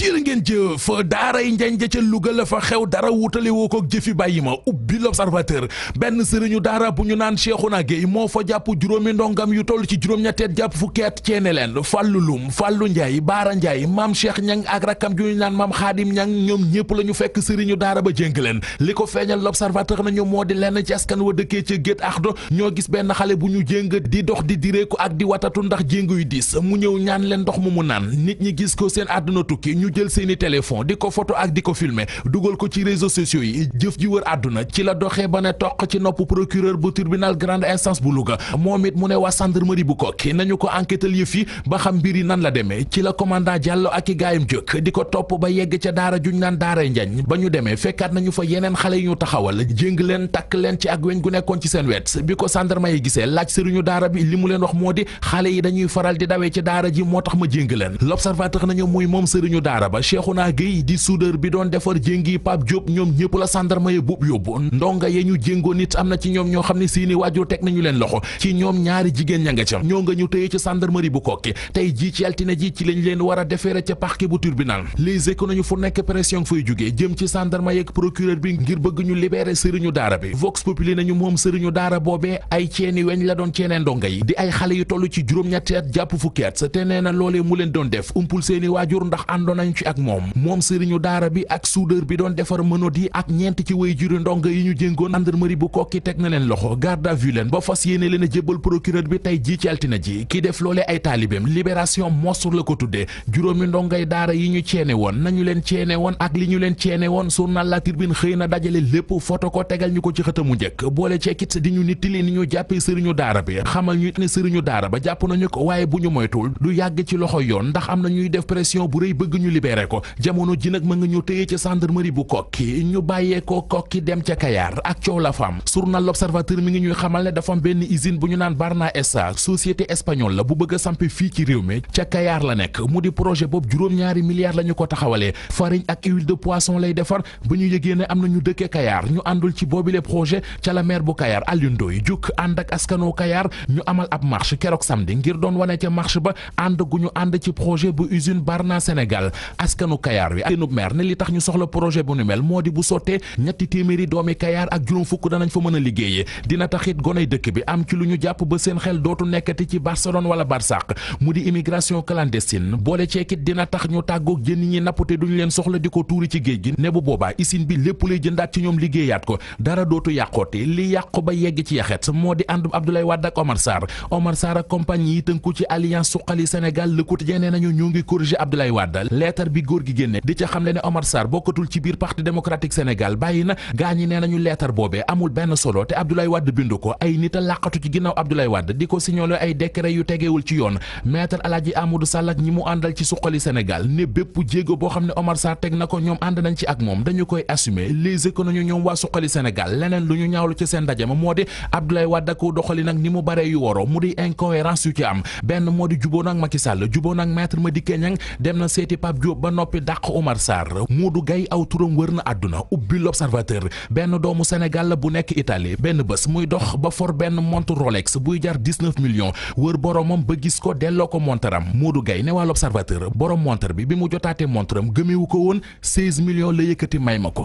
jërë ngeen jëf daaray njanja ca Louga la fa xew dara wutale woo ko kook jëfi bàyyi ma ubbi l'observateur benn sëriñu daara bu ñu naan Cheikhouna Gueye moo fa jàpp juróomi ndongam yu toll ci juróom-ñetteet jàpp fukki at ceene leen Fallou Loum Fallou Ndiaye Baara Ndiaye maam Cheikh ñan ak rakkam ju ñu naan maam Xaadim Ñang ñoom ñëpp la ñu fekk sëriñu daara ba jénk leen li ko feeñal l'observateur nañu moo di lenn ci askan wa dëkkee ca Gét Ardo ñoo gis benn xale bu ñu jéng di dox di direeku ak di watatu ndax jéngu yu diis mu ñëw ñaan leen ndox mu mu naan nit ñi gis ko seen àdduna tukki ñu jël seeni téléphone di ko foto ak di ko filmer dugal ko ci réseaux sociaux yi jëf ji wër àdduna ci la doxee ba ne toq ci nopp procureur bu tribunal grande instance bu Louga moom it mu ne waa gendarmerie bu Koki nañu ko enquêtal yëf yi ba xam mbir yi nan la demee ci la commandant Diallo ak i gaayam jëkk di ko topp ba yegg ca daara juñ naan daaray njañ ba ñu demee fekkaat nañu fa yeneen xale yu ñu taxawal jéng leen takk leen ci ak weñ gu nekkoon ci seen wet bi ko gendarme yi gisee laaj sëriñu daara bi li mu leen wax moo di xale yi dañuy faral di dawee ci daara ji moo tax ma jéng leen l'observateur nañu muy moom sëriñu daara daara ba Cheikhouna Gueye di soudeur bi doon defar jéngi Pape Diop ñoom ñëpp la gendarme ya buub yóbbu ndonga ye ñu nit am na ci ñoom ñoo xam ne seeni waajur teg nañu leen loxo ci ñoom ñaari jigéen ña ca ñoo nga ñu téye ci gendarmerie bu kokki tey jii ci altine ji leen war a defeere ca parquet bu tribunal les éco fu nekk pression fay jógee jëm ci gendarme yeeg procureur bi ngir bëgg ñu libérer sëriñu daara bi vox populi nañu moom sëriñu daara boobee ay nañ ci ak moom moom sëriñu daara bi ak soudeur bi doon defar mënod yi ak ñeent ci way juri ndongo yi ñu jéngoon gendarmerie bu kokki teg na leen loxo garde à vue ba fas yéene leen a jébbal procureur bi tey jii ji ki def loolee ay taalibeem libération monstre la ko tuddee juróomi ndongay daara yi ñu ceene woon nañu leen ceene woon ak li ñu leen ceene woon journal La Tribune xëy na dajale lépp photo ko tegal ñu ko ci xëtamu njëkk boole ceekit di ñu nittali ni libéré ko jamono ji nag ma nga ñu téye ca gendarmerie bu kokki ñu bàyyee ko kokki dem ca kayaar ak coow la fam journal l'observateur mi ngi ñuy xamal ne dafa am benn usine bu ñu naan Barna SA société espagnole la bu bëgg a sampe fii ci réew mi ca kayaar la nekk mu di projet boobu juróom-ñaari milliards la ñu ko taxawalee farine ak huile de poisson lay defar ba ñu yëgee ne am na ñu dëkkee kayaar ñu àndul ci boobile projet ca la maire bu kayaar Alioune Ndoye jukk ànd ak askanu kayaar ñu amal ab marche keroog samedi ngir doon wane ca marche ba ànd ànd ci projet bu usine Barna Sénégal askanu kayaar wi ak seenub maire ne li tax ñu soxla projet bu nu mel moo di bu sottee ñetti téeméeri doomi kayaar ak juróom fukk danañ fa mën a liggéeyee dina taxit goney dëkk bi am ci lu ñu jàpp ba seen xel dootu nekkati ci Barcelone wala Barsàq mu di immigration clandestine boole ceekit dina tax ñu tàggoog jën ñi nappute duñu leen soxla di ko tuuri ci géej gi ne bu boobaa usine bi lépp lay jëndaat ci ñoom liggéeyaat ko dara dootu yàqooti li yàqu ba yegg ci yaxet moo di àndum Abdoulaye Wade ak Omar Sarr Omar Sarr ak compagnie yi tënku ci alliance suqali Sénégal le quotidien nee nañu ñu ngi corriger Abdoulaye Wade leetar bi góor gi génne di ca xamle ne Omar Sarr bokkatul ci biir parti démocratique Sénégal bàyyi na gaa ñi nee nañu leetar boobee amul benn solo te Abdoulaye Wade bindu ko ay nit a làqatu ci ginnaaw Abdoulaye Wade di ko signalé ay décret yu tegewul ci yoon maître Alaaji ak ñi mu àndal ci suqali Sénégal ne bépp jéego na ma moo di Abdoulaye Wade dem na seeti Pape Pape ba noppi dàq Omar Sarr Modou Gaye aw turam wër na àdduna ubbi l'observateur benn doomu Sénégal la bu nekk Italie benn bés muy dox ba for benn montre Rolex buy jar 19 millions wër boromam ba gis ko delloo ko montram Modou Gaye ne waa l'observateur borom montre bi bi mu jotaatee montaram gëmewu ko woon 16 millions la yëkkati may ma ko